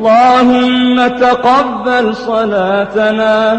اللهم تقبل صلاتنا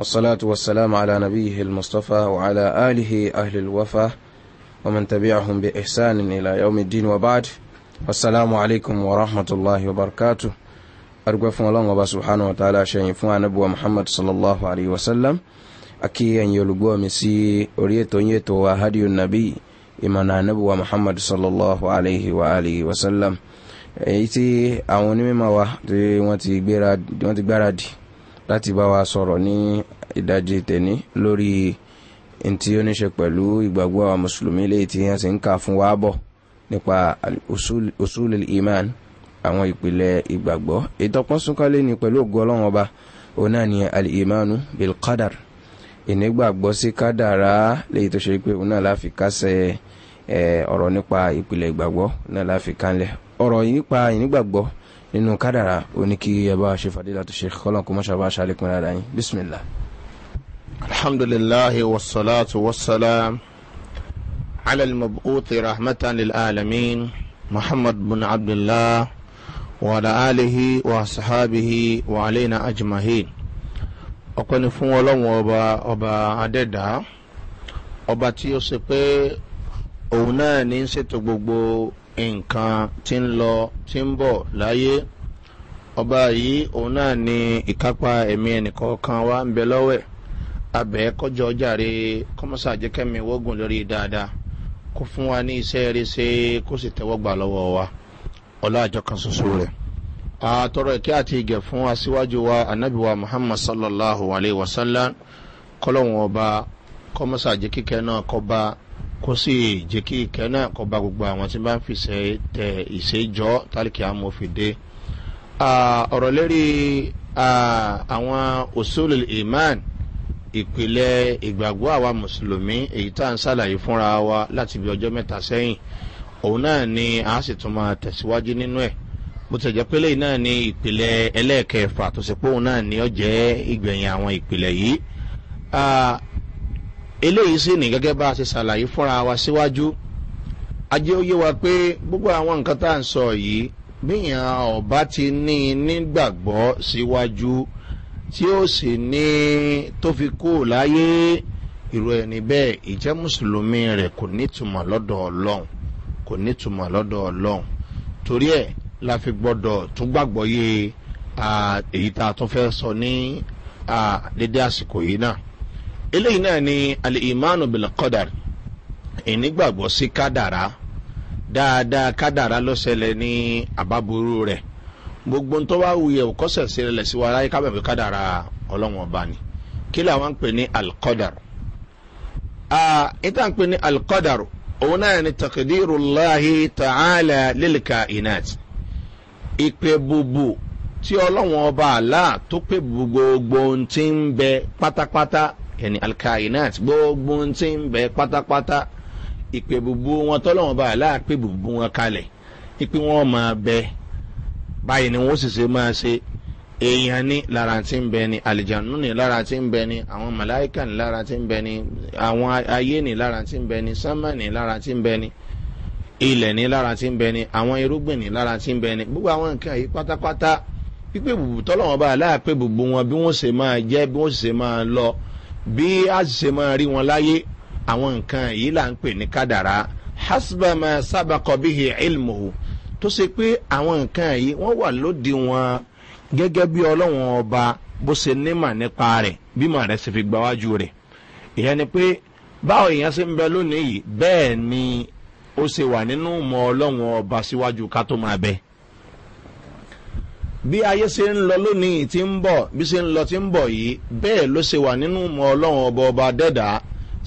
والصلاة والسلام على نبيه المصطفى وعلى آله أهل الوفا ومن تبعهم بإحسان إلى يوم الدين وبعد والسلام عليكم ورحمة الله وبركاته أرجو فن الله وبا سبحانه وتعالى شيء فن نبوة محمد صلى الله عليه وسلم أكي أن يلقوا مسي أريتو يتو وهدي النبي إمانا نبوة محمد صلى الله عليه وآله وسلم èyí tí àwọn onímọ̀ wa tí wọ́n ti gbáradì láti bá wa sọ̀rọ̀ ní ìdajì tẹ̀ní lórí ntí ó ní pẹ̀lú ìgbàgbọ́ àwọn mùsùlùmí léyìí tí wọ́n sì ń kà fún wa bọ̀ nípa òṣùlù iman àwọn ìpìlẹ̀ ìgbàgbọ́ ìtọ́pọ́n súnkálé ni pẹ̀lú ògo ọlọ́run ọba òun náà ni alìmánu bilkadar ìnígbàgbọ́ sí kádàrá léyìí tó ṣe pé òun náà láfi kásẹ̀ ọ̀rọ̀ nípa ìpìlẹ̀ ìgbàgbọ́ náà láfi kánlẹ̀ ọ̀rọ̀ nípa ìnígbàgbọ́ nínú kádàrà oníkí ẹbá ṣe fàdílà tó ṣe kọ́lọ̀ kó mọ́ṣàbá ṣàlékún rárá yín bísmìlá. alhamdulilahi wasalaatu wasalaam alal mabuuti rahmatan lil alamin muhammad bin abdullah wa ala alihi wa sahabihi wa alayna ajmahin. ọ̀pẹ́ ni fún ọlọ́run ọba ọba adẹ́dá ọba tí ó ṣe pé òun náà ní í ṣètò gbogbo nǹkan tí ń lọ tí ń bọ̀ láyé ọba yìí òun náà ni ìkápá ẹ̀mí ẹnìkọ̀ọ̀kan wa ń bẹ lọ́wẹ̀ abẹ́ kọjọ jàre kọ́mọ́sá jẹ́kẹ́mi wọ́gùn lórí dáadáa kó fún wa ní iṣẹ́ rẹ ṣe kó sì tẹ́wọ́ gbà lọ́wọ́ wa ọlá àjọ kan ṣoṣo rẹ̀. àtọrọ ìkẹ́ àti ìgẹ̀ fún aṣíwájú wa anábìwa muhammad sallallahu alayhi wa sallam kọ́lọ́hún ọba kọ́mọ́sá jẹ́kíkẹ́ náà kọ́ bá kó sì jẹ́ kí ìkẹ́ náà kọ́ bá gbogbo àwọn tí bá ń fìṣẹ́ tẹ ìṣèjọ́ tálíkì amòfìdé ọ̀rọ̀ lérí àwọn òṣèlú iman ìpìlẹ̀ ìgbàgbọ́ àwa mùsùlùmí èyí tá à ń ṣàlàyé fúnra wa láti bí ọjọ́ mẹ́ta sẹ́yìn òun náà ni a sì tún máa tẹ̀síwájú nínú ẹ̀ bó ti jẹ́ pélé náà ni ìpìlẹ̀ ẹlẹ́ẹ̀kẹfà tó sì pé òun náà ni ó ìgbẹ̀yìn àwọn ìpìlẹ̀ yìí eléyìí sì ní gẹ́gẹ́ bá a ṣe ṣàlàyé fúnra wa síwájú ajé ó yé wa pé gbogbo àwọn nǹkan tá à ń sọ yìí bíyàn ọba ti ní nígbàgbọ́ síwájú tí ó sì ní tó fi kú láyé irú ẹni bẹ́ẹ̀ ìjẹ́ mùsùlùmí rẹ̀ kò nítumọ̀ lọ́dọ̀ ọlọ́run kò nítumọ̀ lọ́dọ̀ ọlọ́run torí ẹ̀ la fi gbọ́dọ̀ tún gbàgbọ́ yé èyí tá a tún fẹ́ sọ ní dédé àsìkò yìí náà eléyìí náà ni alìmánu bilkọ́dà ìnígbàgbọ́ sí kádàrá dáadáa kádàrá ló ṣẹlẹ̀ ní àbábúrú rẹ̀ gbogbo ń tọ́wá wuyẹ̀ òkọ́sẹ̀ sílẹ̀ sí wa ráyé kábẹ̀bẹ̀ kádàrá ọlọ́wọ́n ọba ni kí làwọn ń pè ní alkọ́dà ìta ń pè ní alkọ́dà òun náà ni takdiru lahi ta'ala lilka inat ìpè bubu tí ọlọ́wọ́n ọba àlá tó pè gbogbo ohun ń bẹ pátápátá yẹn alkainat gbogbo ń ti ń bẹ pátápátá ìpè bùbù wọn tọ́lọ́wọ́n bá aláàpè bùbù wọn kalẹ̀ ìpè wọn máa bẹ báyìí ni wọ́n sì ṣe máa ṣe èèyàn ní lára tí ń bẹ ni àlìjánu ní lára tí ń bẹ ni àwọn màláìkà ní lára tí ń bẹ ni àwọn ayé ní lára tí ń bẹ ni sánmà ní lára tí ń bẹ ni ilẹ̀ ní lára tí ń bẹ ni àwọn irúgbìn ní lára tí ń bẹ ni gbogbo àwọn nǹkan yìí pátápátá pípé bùbù tọ́lọ́wọ́n bá aláàpè bùbù wọn bí wọ́n ṣe máa jẹ́ bí wọ́n ṣe máa lọ bí a ṣe máa rí wọn láyé àwọn nǹkan yìí là ń pè ní kádàrá hasbama sábàkọ bíhi ilmu tó ṣe pé àwọn nǹkan yìí wọ́n wà lóde wọn gẹ́gẹ́ bí ọlọ́wọ́n ọba bó ṣe nímà nípa rẹ̀ bímọ rẹ̀ sì fi gbáwájú rẹ̀ ìyẹn ni pé báwo èèyàn ṣe ń bẹ lónìí yìí bẹ́ẹ̀ ni ó ṣe wà nínú ìmọ̀ ọlọ́wọ́n ọba síwájú ká tó máa bẹ́ẹ̀ bí ayé ṣe ń lọ lónìí tí ń bọ̀ bí ṣe ń lọ tí ń bọ̀ yìí bẹ́ẹ̀ ló ṣe wà nínú mọ ọlọ́run ọba ọba dẹ́dà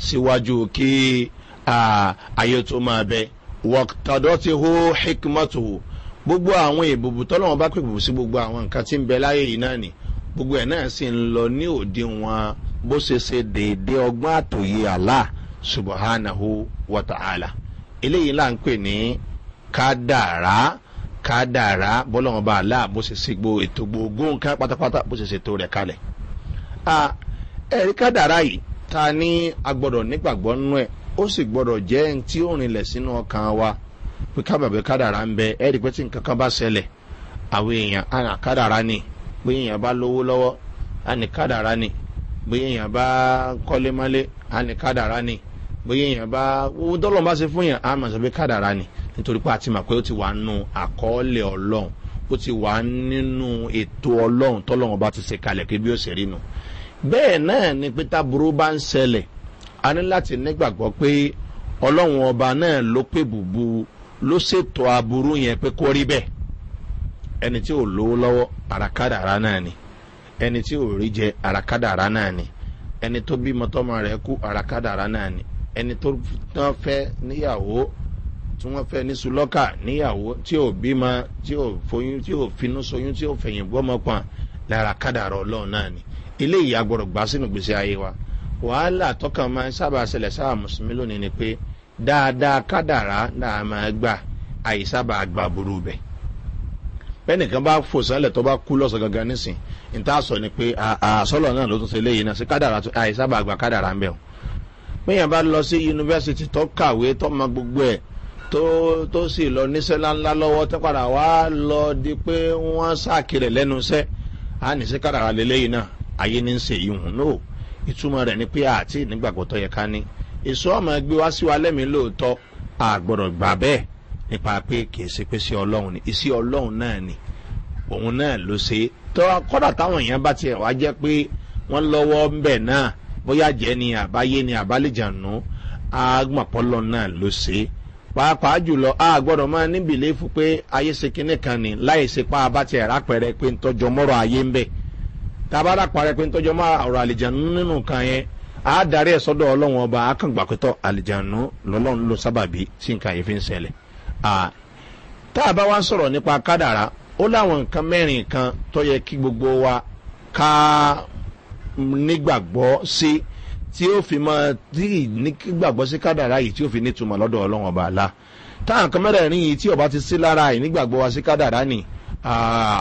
síwájú kí ayé tó máa bẹ wọ́tàdọ́ ti hó hikmatu gbogbo àwọn ìbùbù tọ́lọ́wọ́n bá pèbù sí gbogbo àwọn nǹkan tí ń bẹ láyé yìí náà ni gbogbo ẹ̀ náà sì ń lọ ní òde wọn bó ṣe ṣe déédéé ọgbọ́n àtòyè àlá subahánahu wọ́tàhálà eléyìí là ń pè ní kádàrá. kadara bọ́lọ́wọ́n bá àlá bó ṣe ṣe gbo ètò gbogbo nǹkan pátápátá bó ṣe kalẹ̀. ẹ̀rí yìí ta nígbàgbọ́ nínú ẹ̀ ó sì gbọ́dọ̀ jẹ́ tí ó rinlẹ̀ sínú ọkàn wa pé ń bẹ ẹ̀rí pé tí nǹkan kan bá ṣẹlẹ̀ àwọn èèyàn ni pé èèyàn bá lówó nítorí pé àti màpé ó ti wà nù àkọọ́lẹ̀ ọlọ́run ó ti wà nínú ètò ọlọ́run tọ́lọ́run bá ti ṣe kalẹ̀ pé bí ó ṣe rí nu bẹ́ẹ̀ náà ni pé táburú bá ń ṣẹlẹ̀ a ní láti nígbàgbọ́ pé ọlọ́run ọba náà ló pè bùbù ló ṣètò aburú yẹn pé kó rí bẹ́ẹ̀ ẹni tí ò lówó lọ́wọ́ àràkádàrá náà ni ẹni tí ò rí jẹ àràkádàrá náà ni ẹni tó bímọ tọmọ rẹ kú àràkádàrá náà ni ẹni tó tán fẹ́ níyàwó tí wọ́n fẹ́ ní sulọ́kà níyàwó tí ò bímọ tí ò foyún tí ò finú soyún tí ò fẹ̀yìn bọ́mọ lára kádàrọ̀ ọlọ́run náà ni eléyìí agbọ̀rọ̀ gbà sínú gbèsè ayé wa wàhálà tọkàn máa ń sábà ṣẹlẹ̀ sáà mùsùlùmí lónìí ni pé dáadáa kádàrá náà máa gbà àìsábà àgbà burú bẹ̀ bẹ́ẹ̀nìkan bá fò sálẹ̀ tó bá kú lọ́sọ̀ gangan nísìn níta sọ ni pé àsọ̀lọ̀ náà ló tún ṣe léyìí náà sí kádàrá àìsábà àgbà kádàrá ń bẹ̀ o péyàn bá lọ sí yunifásitì tó kàwé tó mọ gbogbo ẹ̀ tó tó sì lọ níṣẹ́ ńláńlá lọ́wọ́ tó padà wá lọ di pé wọ́n ṣàkìrẹ̀ lẹ́nu iṣẹ́ á ní sí kádàrà lélẹ́yìn náà ayé ní í ṣe ìhùn náà ìtumọ̀ rẹ̀ ni pé àti ìnígbàgbọ́ tó yẹ ká ní èso ọmọ ẹgbẹ́ wá sí wa lẹ́mìí lóòótọ́ àgbọ̀dọ̀ gbà bẹ́ẹ̀ nípa pé kìí ṣe pé sí ọlọ́run ni ìsí ọlọ́run náà ni òun náà ló ṣe é tọ́ kọ́dà táwọn èèyàn bá tiẹ̀ wá jẹ́ pé wọ́n lọ́wọ́ ń bẹ̀ náà bóyá jẹ́ ni àbáyé ni àbálẹ̀jànú àgbàpọ̀lọ́ náà ló ṣe é pàápàá jùlọ a gbọdọ máa ní bìlífù pé ayé ṣe kinní kan ní láì ṣe pa abátí ẹ̀rá pẹ̀rẹ pé ń tọ́jọ mọ́rọ̀ ayé ń bẹ̀ tábàdà parẹ́ pé ń tọ́jọ mọ́ ọ̀rọ̀ àlìjànú nínú kan yẹn a darí ẹ̀ sọ́dọ̀ ọlọ́run ọba akàngbà pẹ́tọ́ àlìjànú lọ́lọ́run ló sábàbí sí nǹkan yìí fi ń ṣẹlẹ̀ tá a bá wá ń sọ̀rọ̀ nípa kádàrá ó láwọn nǹkan mẹ́rin kan tó yẹ kí gbogbo wa ká nígbàgbọ́ sí si tí ó fi máa tí ní gbàgbọ́ sí kádàrá yìí tí ó fi nítumọ̀ lọ́dọ̀ ọlọ́run ọba àlá táwọn kan mẹ́rẹ̀ẹ̀rin yìí tí ọba ti sí lára yìí nígbàgbọ́ wa sí kádàrá ni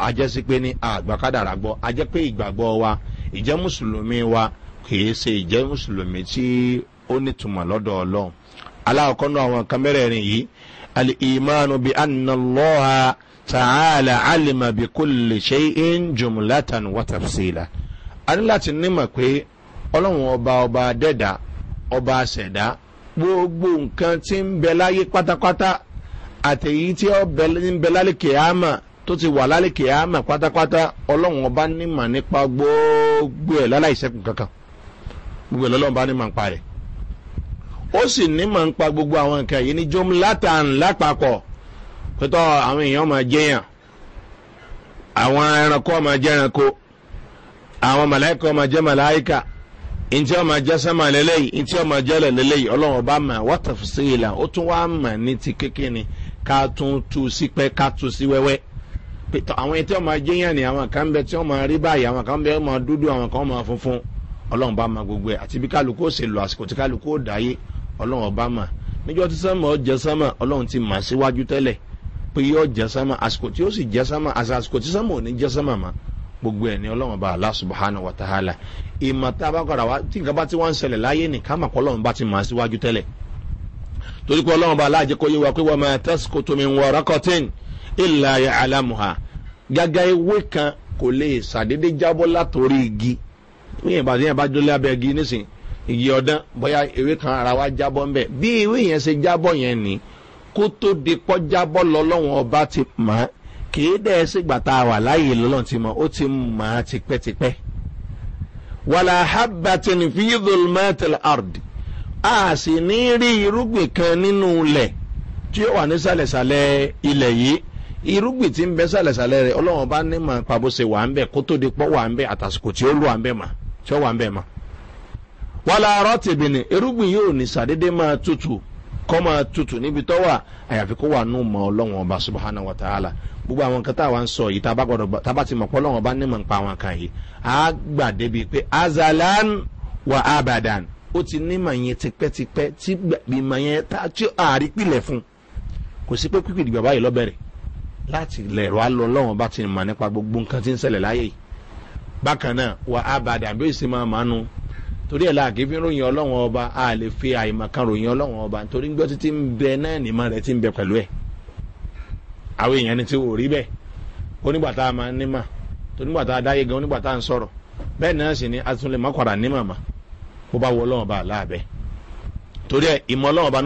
àjẹsí pé ní àgbà kádàrá gbọ́ àjẹ́ pé ìgbàgbọ́ wa ìjẹ́ mùsùlùmí wa kìí ṣe ìjẹ́ mùsùlùmí tí ó nítumọ̀ lọ́dọ̀ ọlọ́run aláwọ̀kọ́ àwọn kan mẹ́rẹ̀ẹ̀rin yìí alìmánu bi bi kò lè ọlọ́run ọba ọba adẹ́dà ọba ṣẹ̀dá gbogbo nǹkan tí ń bẹ láyé pátápátá àtẹ̀yí tí ó bẹ lálẹ́ kìámà tó ti wà lálẹ́ kìámà pátápátá ọlọ́run ọba nímọ̀ nípa gbogbo ẹ̀ láláìsẹ́kùn kankan gbogbo ẹ̀ lọ́lọ́run nímọ̀ nípa rẹ̀ ó sì nímọ̀ gbogbo àwọn nǹkan yìí ní jom látàn lápapọ̀ pẹ̀tọ́ àwọn èèyàn máa jẹyàn àwọn ẹranko máa àwọn màláìkọ máa jẹ màláìkà ntí ọmọ ajá sẹ́mà lélẹ́yìí ntí ọmọ ajá lélẹ́yìí ọlọ́run ọba mà wọ́tà fúnṣe ìlà ó tún wá mà ní ti kékeré ká tún tu sí pẹ́ ká tu sí wẹ́wẹ́ pétọ́ àwọn etí ọmọ ajé ni àwọn kan bẹ tí wọ́n máa rí báyìí àwọn kan bẹ wọ́n máa dúdú àwọn kan máa funfun ọlọ́run ọba mà gbogbo ẹ̀ àti bí kálukú ó sì lọ àsìkò tí kálukú ó dà yé ọlọ́run ọba mà níjọ́ tí sẹ́mà ọ jẹ ọlọ́run ti mà síwájú tẹ́lẹ̀ pé yóò jẹ sẹ́mà àsìkò tí ó sì jẹ sẹ́mà àsìkò tí sẹ́mà ò ní jẹ sẹ́mà mà gbogbo ẹ̀ ní ọlọ́run bá allah subhanahu wa ta'ala ìmọ̀ tá a bá kọ́ra wa tí nǹkan bá ti wá ń ṣẹlẹ̀ láyé nìkan mà kọ́ ọlọ́run bá ti mọ̀ síwájú tẹ́lẹ̀ torí pé ọlọ́run bá aláàjẹ kó yé wa pé wọ́n máa tẹ́síkò tómi wọ rọ́kọ̀tìn ìlà alamuha gàgà ewé kan kò lè ṣàdédé jábọ́ látòrí igi wíyẹn bá yẹn bá dúró lábẹ́ igi nísìn igi ọ̀dán bóyá ewé kan ara wa jábọ́ ńbẹ bí ewé yẹn ṣe jábọ́ yẹn ni kó tó di pọ́ jábọ́ lọ́lọ́run ọba ti mọ̀ kìí dẹ́ sígbà tá a wà láàyè lọ́lọ́run ti mọ̀ ó ti mọ̀ á tipẹ́tipẹ́. wàlà habbatin fíìdùl mẹ́tẹ̀l ard a sì ní rí irúgbìn kan nínú ilẹ̀ tí ó wà ní sàlẹ̀sàlẹ̀ ilẹ̀ yìí irúgbìn tí ń bẹ sàlẹ̀sàlẹ̀ rẹ̀ ọlọ́wọ́n bá ní mọ̀ pàbó ṣe wà ń bẹ̀ kó tó di pọ́ wà ń bẹ̀ àtàsìkò tí ó lù wà ń bẹ̀ mà tí ó wà ń bẹ̀ mà. wàlà rọ́tìbìnì irúgbìn yóò ní sàdédé máa tutù kọ́ máa tutù níbi tó wà àyàfi kó wà nù mọ́ ọlọ́wọ́n ọba subahana wa ta'ala gbogbo àwọn nǹkan tá a wá ń sọ yìí tá bá ti mọ̀ pọ́ ọlọ́wọ́n ọba ní mọ̀ nípa àwọn kan yìí á gbà débi pé azalan wa abadan ó ti ní mọ̀ yẹn tipẹ́tipẹ́ tí ìmọ̀ yẹn tá a ti àárí pilẹ̀ fún kò sí pé pípì ìdìbò báyìí lọ́bẹ̀rẹ̀ láti ilẹ̀ rọ alọ́ ọlọ́wọ́n ọba ti mọ̀ nípa gbogbo nǹkan tí ń ṣẹlẹ̀ láyé yìí bákan náà wa abadan bí ó sì máa máa torí ẹ̀ láàkì ròyìn ọlọ́wọ́n ọba a lè fi àìmọ̀kan ròyìn ọlọ́wọ́n ọba torí gbọ́ títí ń bẹ náà ma rẹ̀ ti ń bẹ pẹ̀lú ẹ̀ àwọn ni ti wò rí bẹ́ẹ̀ onígbà a máa ń nímà onígbà tá a gan onígbà a ń sọ̀rọ̀ bẹ́ẹ̀ náà sì ni bá wọ ọba láàbẹ̀ torí ìmọ̀ ọlọ́wọ́n ọba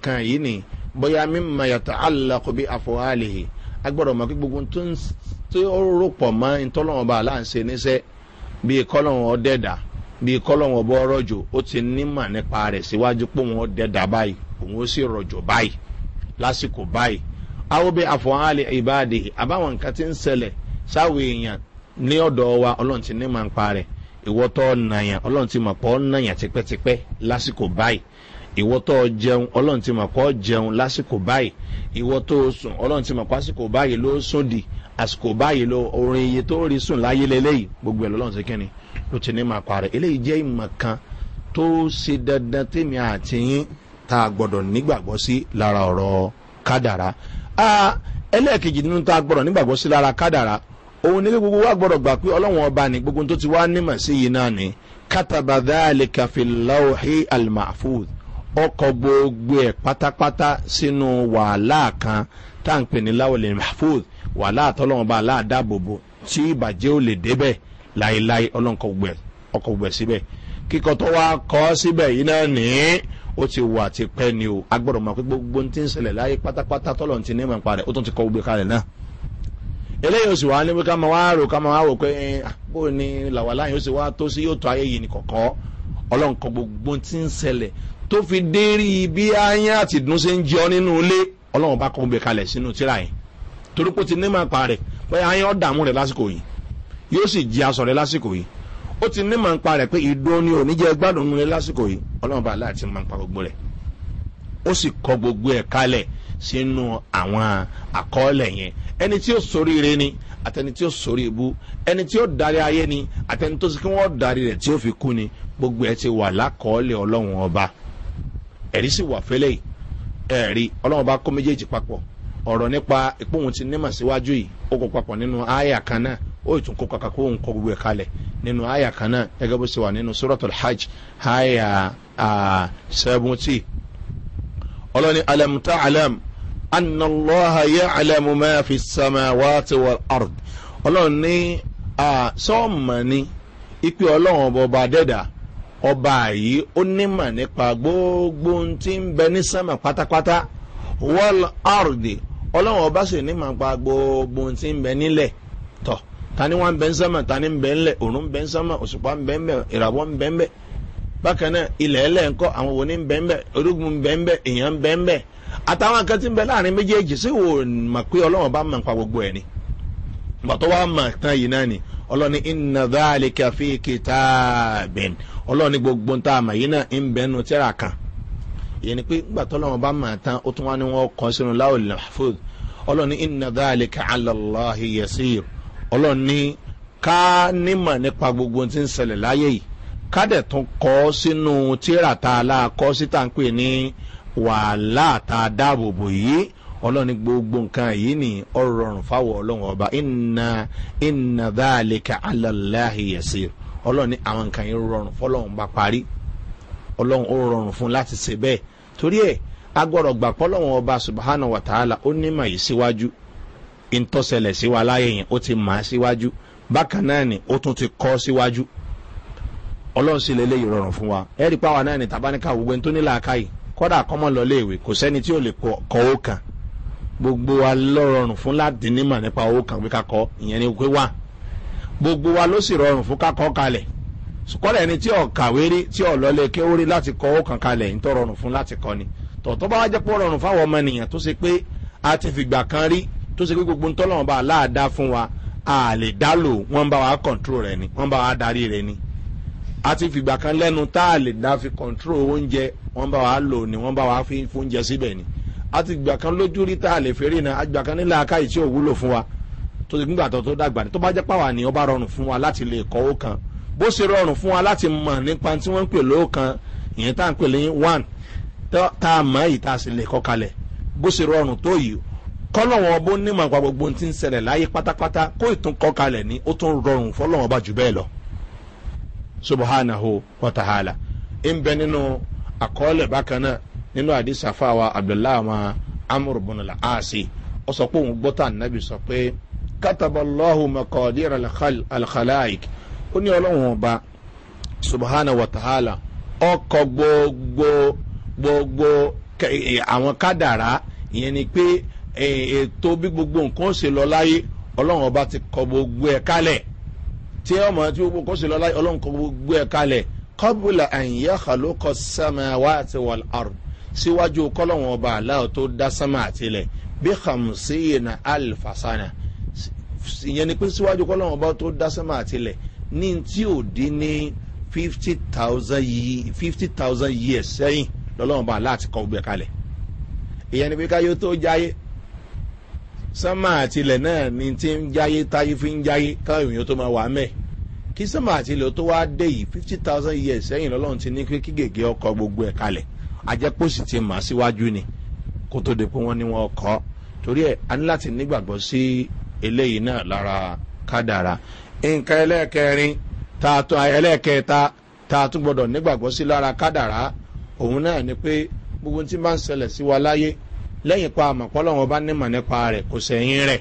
náà tún mọ̀ bóyá mímọ yàtọ̀ alákòbí àfọwálìhì agbọ́dọ̀ mọ̀ kí gbogbo tó rò pọ̀ mọ́ ma bá aláǹṣe níṣẹ́ bíi kọ́lọ́wọ́n ọ̀dẹ́dà bíi kọ́lọ́wọ́n ọbọ̀ rọ̀jò ó ti nímọ̀ nípa rẹ̀ síwájú pé òun ọ̀dẹ́dà báyìí òun ó sì rọ̀jò báyìí lásìkò báyìí awobi àfọwálì ìbáàdì àbáwọn nǹkan ti ń ṣẹlẹ̀ sáwọn èèyàn ní ọ̀dọ̀ wa ọlọ́run ti nímọ̀ nípa rẹ̀ ìwọ́tọ̀ nàyàn ọlọ́run ti ìwọ tó o jẹun ọlọ́run ti mọ̀ kọ́ jẹun lásìkò báyìí ìwọ tó o sùn ọlọ́run ti mọ̀ kọ́ àsìkò báyìí ló sùn di àsìkò báyìí ló orin iye tó rí sùn láyé lélẹ́yìí gbogbo ẹ̀ lọ́lọ́run ti kẹ́ni ló ti ní máa parẹ́ eléyìí jẹ́ ìmọ̀ kan tó ṣe dandan tèmi àti yín tá a gbọ́dọ̀ nígbàgbọ́ sí lára ọ̀rọ̀ kádàrá ẹlẹ́ẹ̀kejì nínú tá a gbọ́dọ̀ nígbàgbọ́ sí lára kádàrá òun ní gbogbo wa gbọ́dọ̀ gbà pé ọlọ́run ọba ni gbogbo tó ti wá nímọ̀ sí yìí náà ni kátàbàdà àlèkàfẹ́ lọ́wọ́ àlùmáfúù ọkọ̀ gbogbo ẹ̀ pátápátá sínú wàhálà kan tá à ń pè ní láwọlẹ̀ mahfoud wàhálà àtọ́lọ́wọ́n bá aláàdáàbòbò tí ìbàjẹ́ ò lè débẹ̀ láéláé ọlọ́nkọ̀ gbẹ̀ ọkọ̀ gbẹ̀ síbẹ̀ kíkọ́ tó wá kọ́ síbẹ̀ yìí náà ní ó ti wà ti pẹ́ ni o a gbọ́dọ̀ mọ̀ pé gbogbo ti ń ṣẹlẹ̀ láyé pátápátá tọ́lọ̀ ti ní ìmọ̀ nípa rẹ̀ ó tún ti kọ́ gbogbo kalẹ̀ náà eléyìí oṣù wa ni pé ká máa wá rò ká máa wá rò pé ah, bó ni làwàláyìn ó sì wá tó sí yóò tó ayé yìí ní kọ̀kọ́ ọlọ́nkọ gbogbo ti ń ṣẹlẹ̀ tó fi dé rí bí ayé àtìdún ṣe ń jẹun nínú ilé ọlọ́run bá kọ́ gbé kalẹ̀ sínú tíra yẹn torí pé ó ti ní màá pa rẹ̀ pé ayé ọ̀ rẹ̀ lásìkò yìí yóò sì jí aṣọ rẹ̀ lásìkò yìí ó ti ní màá pa rẹ̀ pé ìdó ni ò ní jẹ́ gbádùn rẹ̀ lásìkò yìí ọlọ́run bá láti máa pa gbogbo rẹ̀ ó sì kọ́ gbogbo ẹ̀ kalẹ̀ sínú àwọn àkọọ́lẹ̀ yẹn ẹni tí ó soríire ni àtẹni tí ó sórí ibú ẹni tí ó darí ayé ni àtẹni tó sì kí wọ́n darí rẹ̀ tí ó fi kú ni gbogbo ẹ ti wà lákọọ́lẹ̀ ọlọ́run ọba ẹ̀rí sì wà fẹ́lẹ̀ yìí ẹ̀rí ọlọ́run bá kó méjèèjì papọ̀ ọ̀rọ̀ nípa ìpóhun ti nímọ̀ síwájú yìí ó kó papọ̀ nínú àyà kan náà ó ì tún kó kàkà kó ń kó gbogbo ẹ̀ kalẹ̀ nínú àyà kan náà gẹ́gẹ́ bó ṣe wà nínú suratul hajj àyà seventy ọlọ́ni alamta alam annalọ́ha yẹ alamu máa sàmà wá ti wà ọ̀rọ̀ ọlọ́ni sọ́ọ̀mù ni ipe ọlọ́run ọba dẹ́dàá ọba yìí ó nímọ̀ nípa gbogbo ohun ń bẹ ní pátápátá ọ̀rùdì gbogbo ń bẹ nílẹ̀ tọ̀ tani tani ń bẹ ńlẹ̀ bẹ ń òṣùpá ń bẹ ń bẹ ìràwọ̀ ń bẹ ń bẹ bákan náà ilẹ̀ ńkọ́ àwọn ń bẹ ń bẹ ń bẹ ń bẹ èèyàn ń gbogbo ẹ̀ ìgbà tó wá tán yìí náà ni ọlọ́ni iná dáàlì kẹfí kìtàbìn ọlọ́ni gbogbo ń tà yìí náà ń bẹ́ẹ̀ nu tíra kan ìyẹn ni pé ìgbà lọ́wọ́ bá mà tán ó tún wá ní wọn kọ́ sínú láwùlì ọlọ́ni iná dáàlì ọlọ́ni ọlọ́run ní gbogbo nǹkan yìí ni ọ̀rọ̀ rọrùn fáwọn ọlọ́run ọba iná iná dáàlẹ́kà alàláhì yẹ̀sẹ̀ ọlọ́run ní àwọn nǹkan yìí rọrùn fọlọ́run bá parí ọlọ́run ó rọrùn fún láti ṣe bẹ́ẹ̀ torí ẹ̀ agbọ́dọ̀ gbà pọ́lọ́run ọba subahana wa ta'ala ó nímọ̀ yìí síwájú ìtọ́sẹ̀lẹ̀ sí wa láyé yẹn ó ti mà á síwájú bákan náà ni ó tún ti kọ́ síwájú ọlọ́run sì lélẹ́yìí gbogbo wa lọ́rọ̀rùn fún láti nímọ̀ nípa owó kan pé kakọ́ ìyẹn ni pé wà gbogbo wa ló sì rọrùn fún kakọ́ kalẹ̀ sùkọ́lẹ̀ ẹni tí ò kàwé rí tí ò lọlé ké ó rí láti kọ́ owó kan kalẹ̀ ń tọ́ rọrùn fún láti kọ́ ni tọ̀tọ́ bá wá jẹ́ pé rọrùn fáwọn ọmọ ènìyàn tó ṣe pé a ti fìgbà kan rí tó ṣe pé gbogbo ń tọ́lọ́wọ́n bá aláàdá fún wa a lè dá lò wọ́n bá wa kọ̀ǹtró rẹ̀ ni wọ́n bá wa darí rẹ̀ ni a ti fìgbà kan lẹ́nu tá a lè dá fi kọ̀ǹtró oúnjẹ wọ́n bá wa lò ni wọ́n bá wa fi oúnjẹ síbẹ̀ ni àti ìgbà kan lójú rí tá a lè fèrè náà àgbà kan nílẹ̀ akáyì tí ò wúlò fún wa tó ti tó tó dàgbà ní tó ọba rọrùn fún wa láti lè kọ́wó kan bó ṣe rọrùn fún wa láti mọ̀ nípa tí wọ́n ń pè kan ìyẹn tá à one tá a mọ̀ yìí tá a sì lè kọ́ kalẹ̀ bó ṣe rọrùn tó yìí kọ́lọ́wọ́n bó gbogbo ti ń ṣẹlẹ̀ láyé pátápátá kó ìtún kọ́ nínú àdìsá fáwa abdullahi ama amúrùbùnulà àṣì ó sọ pé òun gbọ́tà nàbì sọ pé katabalọ́hu makọ́dìrì alkhalaik ó ní ọlọ́run ọba subhana wa ta'ala ọkọ̀ gbogbo gbogbo àwọn kádàrá ìyẹn ni pé e, ètò bí gbogbo nǹkan ó ṣe lọ láyé ọlọ́run ọba ti kọ gbogbo ẹ̀ kálẹ̀ tí ọmọ tí gbogbo nǹkan ṣe lọ láyé ọlọ́run kọ gbogbo ẹ̀ kálẹ̀ kọ́bùlà àyìnyá xalókọ̀ sàmáwá àti wàlárùn síwájú kọ́lọ́wọ́n ọba aláwọ̀ tó dá sánmà àtìlẹ̀ bí hamsina alfasana ìyẹn ni pé síwájú kọ́lọ́wọ́n ọba tó dá sánmà àtìlẹ̀ ní tí ò dín ní fifty thousand fifty thousand years sẹ́yìn lọ́lọ́wọ́n ọba aláàtì kọ́ gbé kalẹ̀ ìyẹn ni pé káyọ̀ tó jáyé sánmà àtìlẹ̀ náà ni ti ń jáyé táyé fi ń jáyé káwọn èèyàn tó máa wà mẹ́ẹ̀ kí sánmà àtìlẹ̀ tó wá dé yìí fifty thousand years sẹ́yìn lọ́lọ́run ti ní kí gègé ọkọ̀ gbogbo ẹ̀ kalẹ̀ ajẹ́pọ̀sì ti mà síwájú ni kó tó de pé wọ́n ní wọn kọ́ torí ẹ̀ a ní láti nígbàgbọ́ sí eléyìí náà lára kádàrà nǹkan ẹlẹ́ẹ̀kẹrin tààtún ẹlẹ́ẹ̀kẹta tààtún gbọ́dọ̀ nígbàgbọ́ sí lára kádàrà òun náà ni pé gbogbo tí máa ń ṣẹlẹ̀ sí wa láyé lẹ́yìn pa àmọ̀pọ́lọ́wọ́n bá nímọ̀ nípa rẹ̀ kò sẹ́yìn rẹ̀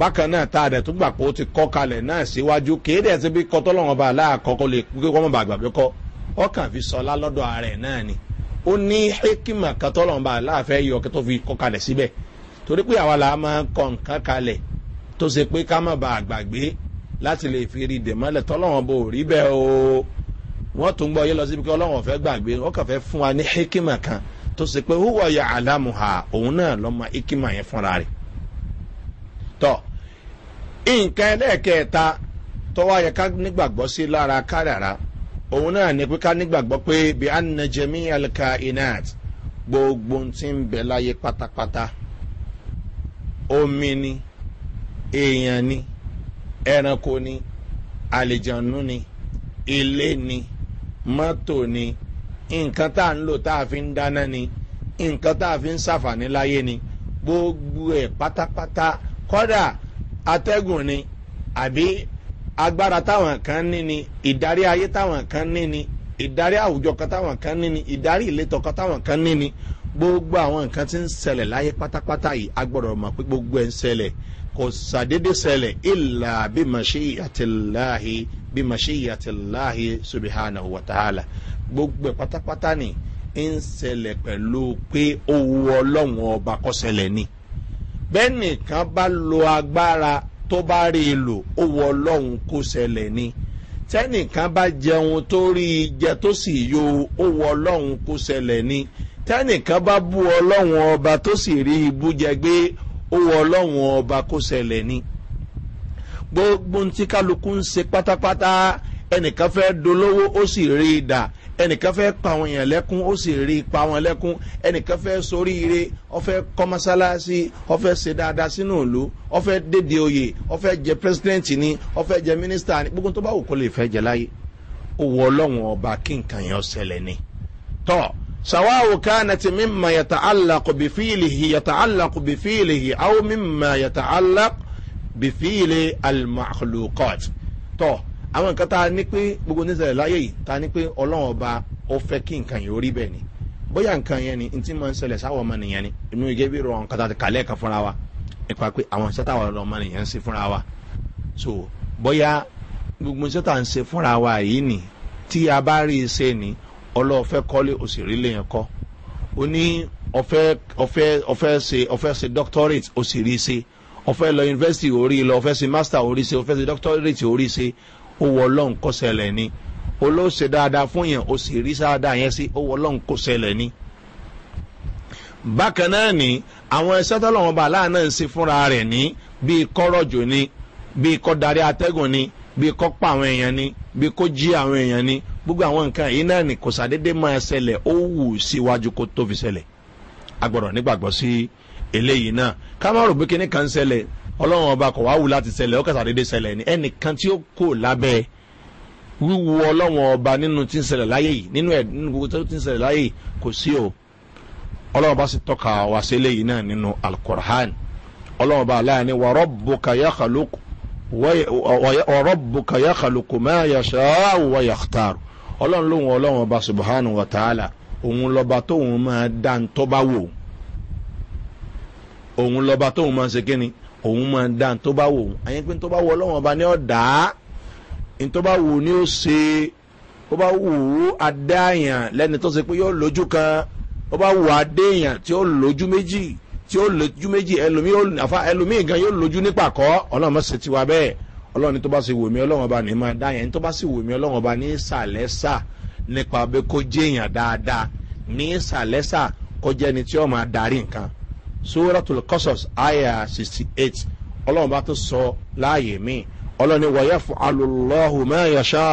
bákan náà tá a dẹ̀ tún gbà pé ó ti kọ́ kalẹ̀ náà síwájú kéde ẹ̀ ti bí kọ́tọ́lọ́wọ́n bá aláàkọ́kọ́ lè kó kọ́ bàgbà bí kọ́ ọkàn fi sọlá lọ́dọ̀ ààrẹ náà ni ó ní hekima katọ́lọ́mba aláàfẹ́ yọ kí tó fi kọ́ kalẹ̀ síbẹ̀ torí pé àwa la máa kọ nǹkan kalẹ̀ tó ṣe pé ká má ba àgbàgbé láti lè fi rí dèmọ́lẹ̀ tọ́lọ́wọ́n bò rí bẹ́ẹ̀ o wọ́n tún gbọ́ yé lọ síbi kí ọlọ́wọ́n fẹ́ gbàgbé wọ́n kàn fẹ́ fún wa ní hekima kan tó ṣe pé húwọ́ ya àlámù ha òun náà lọ́ ma hekima yẹn fúnra rẹ̀ tọ́ nǹkan ẹlẹ́ẹ̀kẹta tọ́wọ́ yẹ ká nígbàgbọ́ sí lára káràrà òun náà ní pé ká nígbàgbọ́ pé bí a nà jẹ́mí alka inat gbogbo ti ń bẹ̀ láyé pátápátá omi ni èèyàn ni ẹranko ni àlejànú ni ilé ni mọ́tò ni nǹkan tá à ń lò tá a fi ń dáná ni nǹkan tá a fi ń ṣàǹfààní láyé ni gbogbo ẹ̀ pátápátá kọ́dà atẹ́gùn ni àbí agbára táwọn kan ní ni ìdarí ayé táwọn kan ní ni ìdarí àwùjọ kan táwọn kan ní ni ìdarí ìletò kan táwọn kan ní ni gbogbo àwọn nǹkan ti ń ṣẹlẹ̀ láyé pátápátá yìí a gbọ́dọ̀ mọ̀ pé gbogbo ẹ̀ ń ṣẹlẹ̀ kò sàdédé ṣẹlẹ̀ ìlà bí màṣí àtìláhi bí màṣí àtìláhi subihana wa gbogbo ẹ̀ pátápátá ni ń ṣẹlẹ̀ pẹ̀lú pé owó ọlọ́run ọba kọ́ ni bẹ́ẹ̀ nìkan bá lo agbára tó bá rí i lò ó wọ ọlọ́run kó ṣẹlẹ̀ ni tẹ́nìkan bá jẹun tó rí i jẹ tó sì yó ó wọ ọlọ́run kó ṣẹlẹ̀ ni tẹ́nìkan bá bú ọlọ́run ọba tó sì rí ibú jẹ gbé ó wọ ọlọ́run ọba kó ṣẹlẹ̀ ni gbogbo ntí kálukú ń se pátápátá ẹnìkan fẹ́ dolówó ó sì rí i dà ẹnìkan fẹ́ pa àwọn èèyàn lẹ́kún ó sì rí pa àwọn lẹ́kún ẹnìkan fẹ́ sórí ire ọfẹ́ kọ́ mọ́sálásí ọfẹ́ ṣe dáadáa sínú ìlú ọfẹ́ dédé oyè ọfẹ́ jẹ president ni ọfẹ́ jẹ minister ni gbogbo tó bá wù kó lè fẹ́ jẹ láyé ó wọ ọlọ́run ọba kí nǹkan yẹn ṣẹlẹ̀ ni. tọ́ sàwáwò kánàtì mímọ yàtà alákò bìfíìlìhì yàtà alákò bìfíìlìhì àwọn mímọ yàtà alákò bìfíìlì almaklukọ́t tọ́ àwọn nǹkan tá a ní pé gbogbo oníṣẹ̀lẹ̀ láyé yìí tá a ní pé ọlọ́run ọba ó fẹ́ kí nǹkan yìí ó rí bẹ́ẹ̀ ni bóyá nǹkan yẹn ni ntí máa ń ṣẹlẹ̀ sáwọn ọmọ nìyẹn ni inú ìgé bí rọrùn kàtà ti kàlẹ́ kan fúnra wa nípa pé àwọn iṣẹ́ táwọn ọmọ nìyẹn ń ṣe fúnra wa so bóyá gbogbo iṣẹ́ tá à ń ṣe fúnra wa yìí ni tí a bá rí iṣẹ́ ni ọlọ́ọ̀fẹ́ kọ́lé òṣèré lè yẹn kọ́ ó ní ọ̀fẹ́ ṣe ọ̀fẹ́ ṣe doctorate òṣèré ṣe ọ̀fẹ́ lọ university orí lọ ọ̀fẹ́ ṣe master orí ṣe ọ̀fẹ́ ṣe doctorate orí ṣe ó wọ ọlọ́run kó ṣẹlẹ̀ ni olóòṣè dáadáa fún yẹn o sì rí sáadáa yẹn sí ó wọ ọlọ́run kó ṣẹlẹ̀ ni. bákan náà ni àwọn iṣẹ́ tọ́lọ́wọ́n bá aláàánú ń ṣe fúnra rẹ̀ ní bíi kọ́rọ̀jò ni bíi kọ́ darí ni bíi kọ́ pa àwọn èèyàn ni bíi kó jí àwọn èèyàn ni gbogbo àwọn nǹkan yìí náà ni kò sàdédé máa ṣẹlẹ̀ ó wù síwájú kó tó fi ṣẹlẹ̀ agbọ̀dọ̀ nígbàgbọ́ sí eléyìí náà ká má rò pé kinní kan ṣẹlẹ̀ ọlọ́run ọba kò wá wù láti ṣẹlẹ̀ ọkọ̀ sàdédé ṣẹlẹ̀ ni ẹnìkan tí ó kò lábẹ́ wíwu ọlọ́run ọba nínú tí ń ṣẹlẹ̀ láyé yìí nínú ẹ̀ nínú gbogbo tí ń ṣẹlẹ̀ láyé yìí kò sí o ọlọ́run bá sì tọ́ka wá sí eléyìí náà nínú alukur'an ọlọ́run bá aláàánú wọ́rọ́ bùkà yàkàlùkù mẹ́yà ṣááwù wà yàtàrù ọlọ́run lóhun ọlọ́run ọba subhanahu wa ta'ala òun lọ́ba tóun máa dá ń tọ́ bá wò òun lọ́ba tóun máa ṣe kíni òun máa dá tó bá wò ó àyẹn pé tó bá wọ ọlọ́wọ́n ọba ní ọ̀dá tó bá wò ó ní ó ṣe ó bá wò ó adáyàn lẹ́ni tó ṣe pé yóò lójú kan ó bá wò adéyàn tí ó lójú méjì tí ó lójú méjì ẹlòmíì àfa ẹlòmíì gan yóò lójú nípa kọ́ ọlọ́run ṣe tiwa bẹ́ẹ̀ ọlọ́run tó bá ṣe wò mí ọlọ́run ọba ní máa dáyàn tó bá ṣe wò mí ọlọ́run ọba ní ìsàlẹ̀ sà nípa bẹ́ẹ̀ kó jẹ́yàn dáadáa ní ìsàlẹ̀ sà kó jẹ́ni tí ó máa darí nǹkan suratul qasas aya sixty eight ọlọ́run bá tún sọ láàyè mi ọlọ́run ni wọ́yẹ́ fún alùlọ́hù mẹ́yọ̀ṣá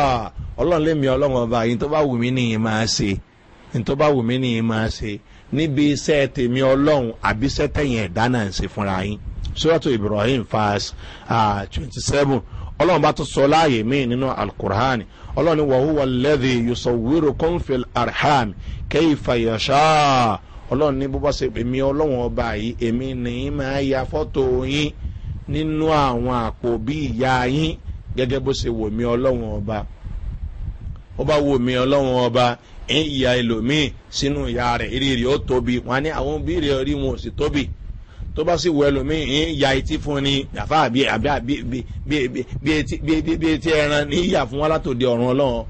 ọlọ́run lè mi ọlọ́run ọba yìí tó bá wù mí nìyí máa ṣe yìí tó bá wù mí nìyí máa ṣe níbi iṣẹ́ tèmi ọlọ́run àbí iṣẹ́ tẹ̀yìn ẹ̀dá náà ń ṣe fúnra yín suratul ibrahim fas twenty seven ọlọ́run bá tún sọ láàyè mi nínú alukur'an ọlọ́run ni wọ́húwọ́ lẹ́dí yusuf wíro kọ́ńfẹ̀l arham kẹ́yìfà yọ̀ṣá ọlọ́run ní bóbá ṣe èmi ọlọ́run ọba yìí èmi ní í máa ya fọ́tò yín nínú àwọn àpò bí ìyá yín gẹ́gẹ́ bó ṣe wò mí ọlọ́run ọba ó bá wò mí ọlọ́run ọba ń ìyá ẹlòmíì sínú ìyá rẹ̀ ìrìrì ó tóbi wọn ní àwọn bíìrì orí wọn ò sì tóbi tó bá sì wọ ẹlòmíì ń ya etí fún ni àfa àbí àbí bí etí ẹran ní ìyà fún wọn látòdì ọ̀run ọlọ́run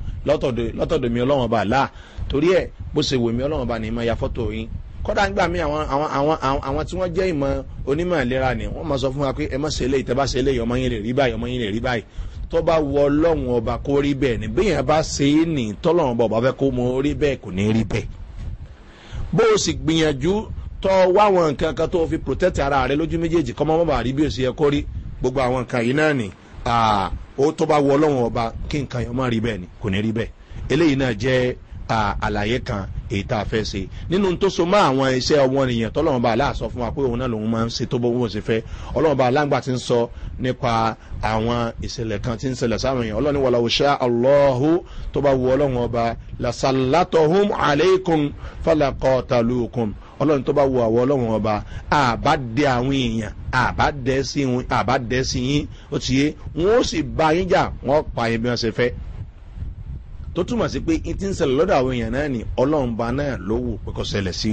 lọ́tọ̀dọ̀ mi ọlọ́run ọba là torí ẹ̀ bó ṣe wò mí ọlọ́run ọba ní ma ya fọ́tò yín kọ́dà ń gbà mí àwọn àwọn àwọn àwọn tí wọ́n jẹ́ ìmọ̀ onímọ̀ ìlera ni wọ́n máa sọ fún wa pé ẹ má ṣe eléyìí tẹ́ bá ṣe eléyìí ọmọ yín lè rí báyìí ọmọ yín lè rí báyìí tó bá wọ ọlọ́run ọba kó rí bẹ́ẹ̀ ni bí yẹn bá ṣe é nì tọ́lọ́run ọba fẹ́ kó mo rí bẹ́ẹ̀ kò ní rí bẹ́ẹ̀ bó o sì gbìyànjú tọ́ wá àwọn nǹkan kan tó o fi protect ara rẹ lójú méjèèjì kọ́ mọ́ àlàyé kan èyí tá a fẹ́ ṣe nínú tó so mọ́ àwọn iṣẹ́ ọwọ́ nìyẹn tọ́lọ́mọba aláàsọ fún wa pé òun náà lòun máa ń ṣe tó bóun ṣe fẹ́ ọlọ́mọba aláǹgbà ti ń sọ nípa àwọn ìṣẹ̀lẹ̀ kan ti ń ṣẹlẹ̀ sáwọn èèyàn ọlọ́ni wàlá òṣà ọlọ́hu tó bá wu ọlọ́run ọba làṣàlátọ̀hún àlẹ́kùn fàlàkọ̀ọ̀tàlùkùn ọlọ́run tó bá wu àwọn ọlọ́run ọba àbádẹ àwọn èèyàn àbádẹ sí yín ó ti yé wọn ó sì bá yín jà wọn pa yín bí fẹ́ tó túmọ̀ sí pé n ti ń ṣẹlẹ̀ lọ́dọ̀ àwọn èèyàn náà ni ọlọ́ọ̀nba náà ló wù pé kò ṣẹlẹ̀ sí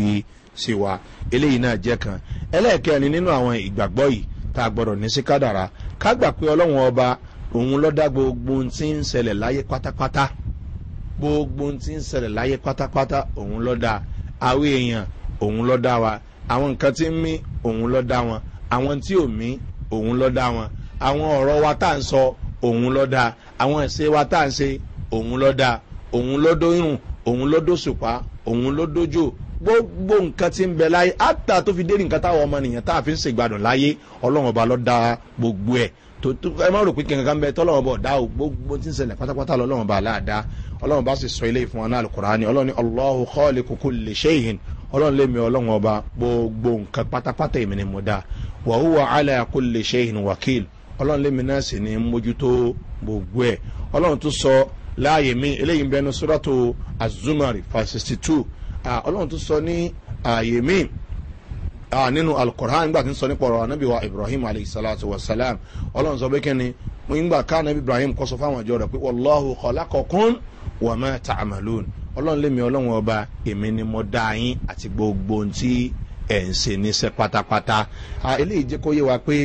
sí wa eléyìí náà jẹ́ kan ẹlẹ́ẹ̀kẹrin nínú àwọn ìgbàgbọ́ yìí tá a gbọ́dọ̀ ní sí kádàrá ká gbà pé ọlọ́run ọba òun lọ́dá gbogbo ohun tí ń ṣẹlẹ̀ láyé pátápátá gbogbo ohun tí ń ṣẹlẹ̀ láyé pátápátá òun lọ́dá àwọn èèyàn òun lọ́dá wa àwọn nǹkan tí ń mí òun lọ́dá wọn àwọn tí ò mí òun lọ́dá wọn àwọn ọ̀rọ̀ wa tá à ń sọ òun lọ́dá àwọn ìṣe wa tá à ń ṣe òun ló dáa òun ló dóyún òun ló dóṣùpá òun ló dójò gbogbo nǹkan ti ń bẹ láyé àtà tó fi dérí nǹkan táwọn ọmọnìyàn tá a fi ń ṣègbádùn láyé ọlọ́run ọba ló dá gbogbo ẹ̀ tó tó ẹ má rò pé kankan bẹ tọ́lọ́run ọba ọ̀dá o gbogbo ti ń ṣẹlẹ̀ pátápátá lọ́lọ́run ọba aláàdá ọlọ́run bá sì sọ ilé ìfún wọn náà alukurani ọlọ́run ni ọlọ́hu kọ́ọ̀lì kúkú lè ṣe ìhìn ọlọ́run lè mi ọlọ́run ọba gbogbo nǹkan pátápátá èmi ni mo wàhùwà alẹ́ kú lè ṣe ìhìn wákìl ọlọ́run lè mi náà sì ní mójútó gbogbo ẹ̀ ọlọ́run tún sọ láàyè mi eléyìí ń bẹnu sọ́dọ̀tò azumari five sixty two ọlọ́run tó sọ ní ààyè mi nínú alukoran nígbà tí ń sọ nípa ọ̀rọ̀ anábì wa ibrahim aleyhisalatu wasalam ọlọ́run sọ pé kí ni mo ń gbà ká anábì ibrahim kọ́ sọ fáwọn àjọ rẹ̀ pé wàlláhu kọ̀lákọ̀kún wà má ta àmàlùn ọlọ́run lèmi ọlọ́run ọba èmi ni mo dá yín àti gbogbo ohun ẹ̀ ń ṣe níṣẹ́ pátápátá eléyìí jẹ́ kó yé wa pé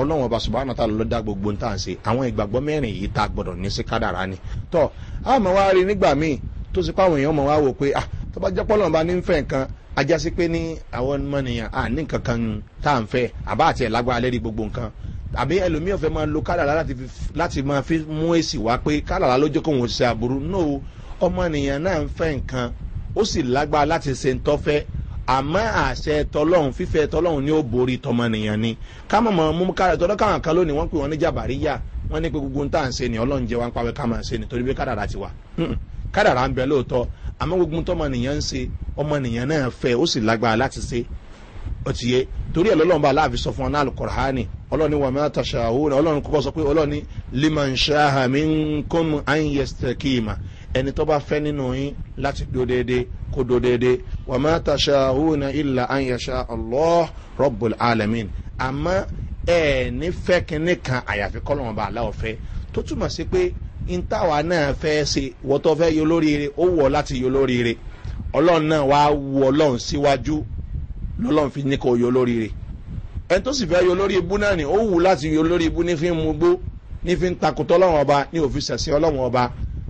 ọlọ́run ọba subahana ta ló dá gbogbo nta ṣe àwọn ìgbàgbọ́ mẹ́rin yìí ta gbọ́dọ̀ ní sí kádàrá ni tọ́ àmọ́ wa rí nígbà míì tó sì pàwọn èèyàn mọ̀ wá wò pé tó bá jẹ́ pọ́lọ́n bá ní fẹ́ nǹkan ajá sí pé ní àwọn mọ̀nìyàn à ní nǹkan kan tá à ń fẹ́ àbá àti ẹ̀ lágbára lérí gbogbo nǹkan àbí ẹlòmíì ọ̀fẹ́ máa lo kádàrá láti máa fi mú èsì wá pé kádàrá lójú kò wọ́n ṣe àbúrú náà ọmọnìyàn náà ń fẹ́ nǹkan ó sì lágbára láti ṣe ń tọ́fẹ́ àmọ́ àṣẹ tọlọ́hún fífẹ́ tọlọ́hún ni ó borí tọmọnìyàn ni kámọ̀ mọ̀ mú kára tọ́lọ́ káwọn kan lónìí wọ́n pè wọ́n ní jàbáríyà wọ́n ní pé gbogbo ń tà ń se ni ọlọ́run jẹ́ wọn pàwẹ́ káwọn se ni torí pé kádàrà ti wà kádàrà ń bẹ lóòótọ́ àmọ́ gbogbo tọmọnìyàn ń se ọmọnìyàn náà fẹ́ ó sì lágbára láti se ọtíye torí ẹ lọ́lọ́run bá aláàfin sọ fún ọ náà alukur'ani ọlọ́ni wà mí àtàṣà ẹni tó bá fẹ́ nínú yín láti dó déédéé kó dó déédéé wọ́n máa ta ṣahúnà ilà ànyàṣà allah rọ́bùl alamin àmọ́ ẹ nífẹ̀ kínní kan àyàfi kọ́lọ́mọ̀ bá aláwọ̀ fẹ́ tó túmọ̀ sí pé ntàwa náà fẹ́ ṣe wọ́tọ́ fẹ́ yọ lóríire ó wọ̀ láti yọ lóríire ọlọ́run náà wá wọ ọlọ́run síwájú lọ́lọ́run fi ní kó yọ lóríire ẹni tó sì fẹ́ yọ lórí ibú náà ni ó wù láti yọ lórí ibú ní ń mugbó ní ń takùtọ́ ọlọ́run ọba ní òfin ṣẹ̀ṣẹ̀ ọlọ́run ọba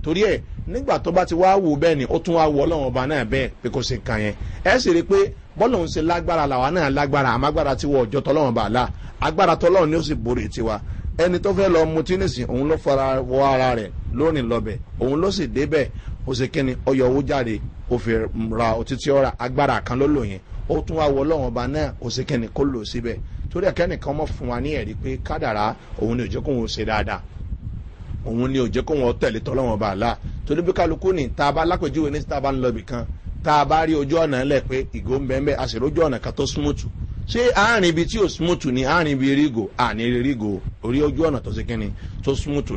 torí ẹ̀ nígbà tó bá ti wá wò bẹ́ẹ̀ ni ó tún wá wọ ọlọ́run ọba náà bẹ́ẹ̀ pé kò ṣe kàn yẹn ẹ sì rí i pé bọ́lọ̀ ń ṣe lágbára làwa náà lágbára àmágbára ti wọ ọjọ́ tọ́lọ́run bá la agbára tọ́lọ́run ni ó sì borí tiwa ẹni tó fẹ́ lọ mutí nìsín òun ló fara wọ ara rẹ̀ lónìí lọ́bẹ̀ òun ló sì débẹ̀ ó ṣe kíni ọyọ̀ owó jáde ó fi ra òtítí ọ̀rà agbára kan ló lò yẹn ó tún wá wọ ọlọ́run ọba náà ó ṣe kíni kó lò síbẹ̀ torí ẹ̀kẹ́nìkan mọ̀ fún wa ní ẹ̀rí pé kádàrá òun ni òjò ṣe dáadáa òun ni ò jẹ́ kó wọn tẹ̀lé tọ́lọ́wọ́n bá a la torí bí kálukú ni tá a bá lápèjúwe ní tá a bá ń lọ ibì kan tá a bá rí ojú ọ̀nà ńlẹ̀ pé ìgò ń bẹ́ẹ̀ bẹ́ẹ̀ a ọ̀nà kan tó smooth ṣé àárín ibi tí ò smooth ni àárín ibi rígò àní rígò orí ojú ọ̀nà tó ṣe kí ni tó smooth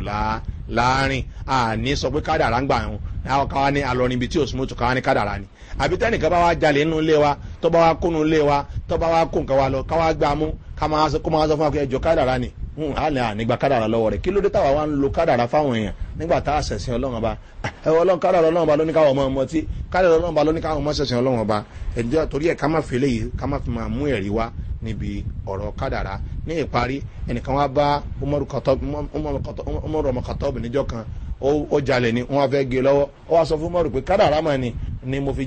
láàárín àní sọ pé kádàrá ń gbà yẹn àwọn káwa ní alọrin ibi tí ò smooth káwa ní kádàrá ni àbí tẹ́nìkan bá wá jalè nínú ilé wa tó bá wá kó nínú ilé wa tó bá wá kó nǹkan wa lọ káwa gbà mú ká máa sọ fún wa pé ẹjọ́ kádàrá ni Hmm, alẹ́ ànígbà kádàrà lọ́wọ́ rẹ̀ kí ló dé táwa wá ń lo kádàrà fáwọn èèyàn nígbà tá a sẹ̀sìn eh, ọlọ́run ọba ẹ ọlọ́run kádàrà ọlọ́run ọba lóníkàwọ́ ọmọ ọmọ tí kádàrà ọlọ́run ọba lóníkàwọ́ ọmọ sẹ̀sìn ọlọ́run ọba ẹ̀jẹ̀ torí ẹ̀ ká má fi léyìí ká má fi máa mú ẹ̀rí wá níbi ọ̀rọ̀ kádàrà ní ìparí ẹnìkan wá bá umaru kọtọ́ọ̀bù níjọ́ kan ó ni wọ́n fẹ́ gé lọ́wọ́ ó wá sọ umaru pé kádàrà ni mo fi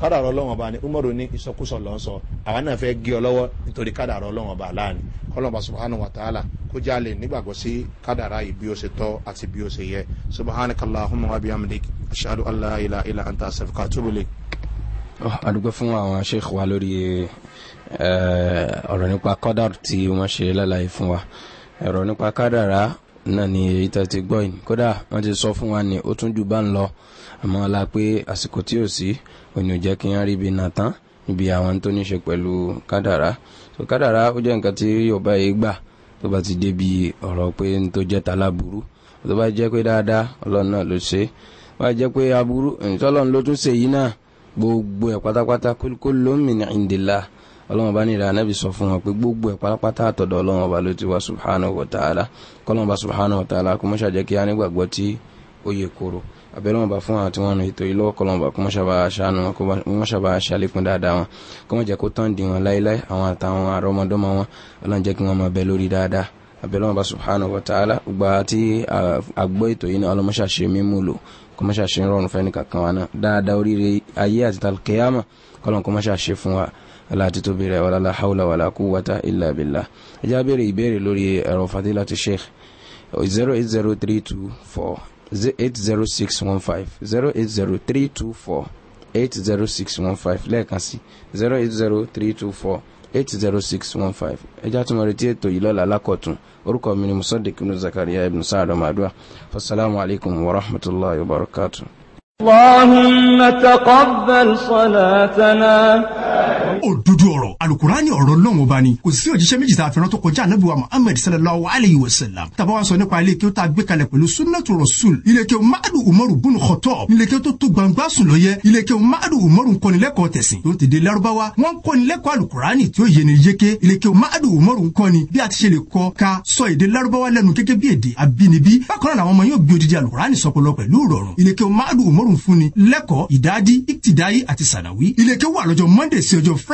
kádàrọ̀ ọlọ́wọ̀n bá ní umaru ní ìsọkúsọ lọ́n sọ àwọn náà fẹ́ gé ọ lọ́wọ́ nítorí kádàrọ̀ ọlọ́wọ̀n bá láàánú kọlọ́mà subhanahu wa ta'ala kó já lè sí kádàrá yìí bí ó ṣe tọ́ àti bí ó ṣe yẹ subhanahu allahumma wa bihamdik ashadu allah ila ila anta asafika tubule. àdúgbò fún àwọn sheikh wa lórí ọ̀rọ̀ nípa kádàrọ̀ tí wọ́n ṣe lálàyé fún wa ọ̀rọ̀ nípa kádàrá náà ni èyí tẹ́ ti gbọ́ yìí kódà wọ́n ti sọ fún wa ní ó tún jù bá ń lọ àmọ́ ọ̀la pé àsìkò tí ò sí òní ò jẹ́ kí wọ́n rí ibi náà tán níbi àwọn tó ní ṣe pẹ̀lú kádàrá so kádàrá ó jẹ́ nǹkan tí ọba yìí gbà tó bá ti débi ọ̀rọ̀ pé n tó jẹ́ taláburú tó bá jẹ́ pé dáadáa ọlọ́run náà ló ṣe wá jẹ́ pé aburú ìtọ́lọ́run ló tún ṣe yìí náà gbogbo ẹ̀ pátápátá kó lómìn ìndìlá ọlọ́run ọba ní ìlànà sọ fún wọn pé gbogbo ẹ̀ pátápátá àtọ̀dọ̀ ọlọ́run ọba ló ti wá subhanahu wa ta'ala kọ́lọ́run ọba subhanahu wa ta'ala kò mọ́ ṣàjẹ́ kí á nígbàgbọ́ tí ó yẹ kóró abẹ́lẹ́wọ̀n bá fún àwọn tí wọ́n rìn ètò yìí lọ́wọ́ kọlọ́mbà kó mọ́ṣábà aṣáánu wọn kó mọ́ṣábà aṣálékún dáadáa wọn kó mọ́jẹ́ kó tán dì wọn láéláé àwọn àtàwọn àrọ́mọdọ́mọ wọn ọlọ́njẹ́ kí wọ́n máa bẹ lórí dáadáa abẹ́lẹ́wọ̀n bá subhanahu wa ta'ala gba tí àgbọ́ ètò yìí náà ọlọ́mọṣàṣe mímú lò kó mọ́ṣàṣe rọrùn fẹ́ni kankan wa náà dáadáa oríire ayé àti talkeama kọ́lọ́n kó mọ́ṣàṣe fún wa aláti tó bèrè wàlá haúlà wàlá kú wata ilà bìlà ẹjá bèrè ìbéèrè lórí ẹ̀rọ fadila sheikh 08032 Zero zero eight three two four 0806150 Zero lẹ́ẹ̀kan sí 08032480615 ẹjá tó mọ̀ retí ètò yìí lọ́la alákọ̀tún orúkọ mi ni musadik ibn zakaria ibn Saadu ọmọdúà fasalaamu alaykum wa rahmatulahi wa barakatu. اللهم تقبل صلاتنا òdodo ọ̀rọ̀ alukurani ọ̀rọ̀ lọ́wọ́n ọba ni kò sí òjíṣẹ́ méjì tá a fẹ́ràn tó kọjá anabi wa muhammed sallallahu alayhi wa sallam tàbá wa sọ nípa ilé kí ó tá gbé kalẹ̀ pẹ̀lú sunnatu rasul ilé kí o madu umaru bunu kọtọ ilé kí o tó tó gbangba sùn lọ yẹ ilé kí o madu umaru nkọnilẹ́kọ̀ọ́ tẹ̀sìn tó ń tẹ̀dé larubawa wọn nkọnilẹ́kọ̀ọ́ alukurani tí ó yẹ ni yeke ilé kí o madu umaru nkọni bí a ti ṣe lè kọ ka sọ èdè larubawa lẹnu gẹ́gẹ́ bí èdè abínibí bákan náà ọmọ yóò gbé odidi alukurani sọpọlọ pẹ̀lú ìrọ̀rùn ilé kí o madu umaru fúnni lẹ́kọ̀ọ́ ìdádi ìtìdáyé àti sànàwí ilé kí o wà lọ́jọ́ monday sí ọjọ́ fr